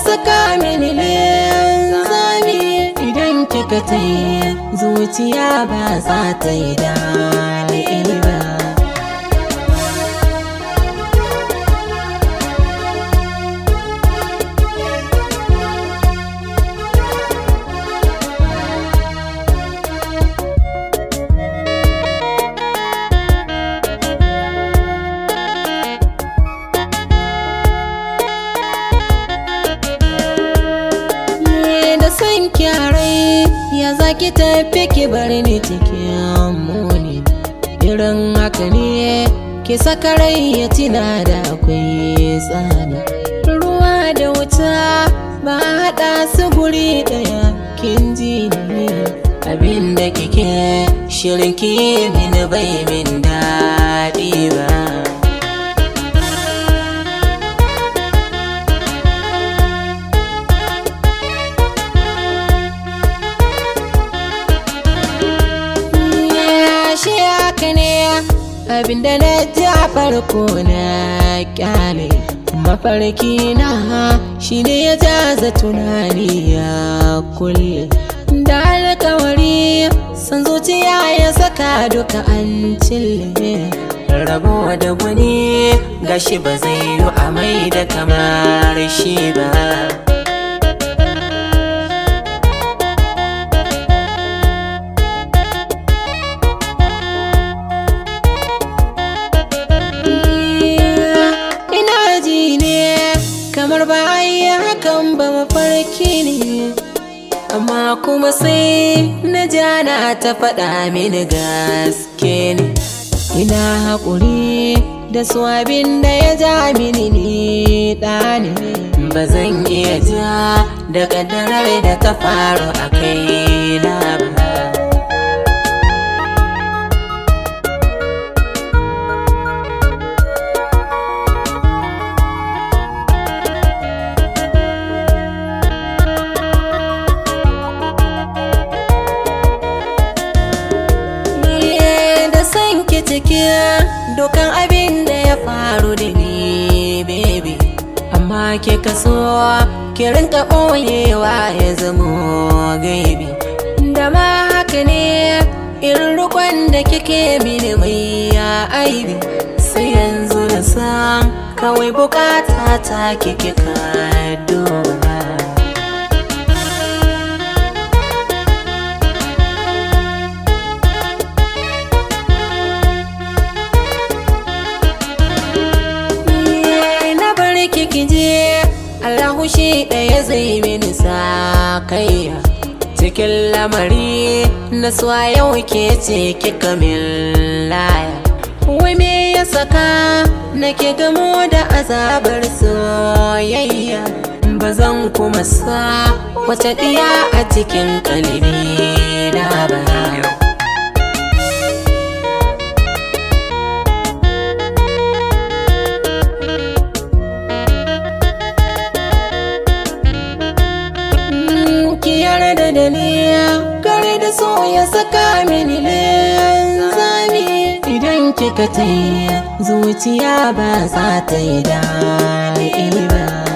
saka mini linzami idan kika tayi zuciya ba za ta yi da ki tafi ki bar ni cikin muni irin haka ne ki saka rai ya tina da akwai tsani ruwa da wuta ba haɗa su guri ɗaya kin ji ne abin da kike shirin ki bai min da abinda na ji a farko na kyale mafarki na ha shi ne ya jaza tunani ya kulle da alkawari san zuciya ya saka duka an cille rabuwa da wani gashi ba zai yi a mai da kamar shi ba baki ne amma kuma sai na jana ta faɗa mini gaske ne ina haƙuri da su da ya ja mini ni ɗani ba zan iya ja da ƙaddarar da ta faru a kaina ba cikin dukan abin da ya faru da ni baby amma ke kaso ki rinka koyewa ya zama gaibi da ma haka ne irin rukon da kike mini mai ya aibi sai yanzu na san kawai bukata ta kike kaddo shi ɗaya zai mini sa kaiya cikin lamari na yau ke ce ki laya wai me ya saka nake gamo da azabar soyayya ba zan kuma sa wata ɗiya a cikin kalbi na ba da daliya kare da so ya saka mini linzami idan kika taya zuciya ba za ta yi da ba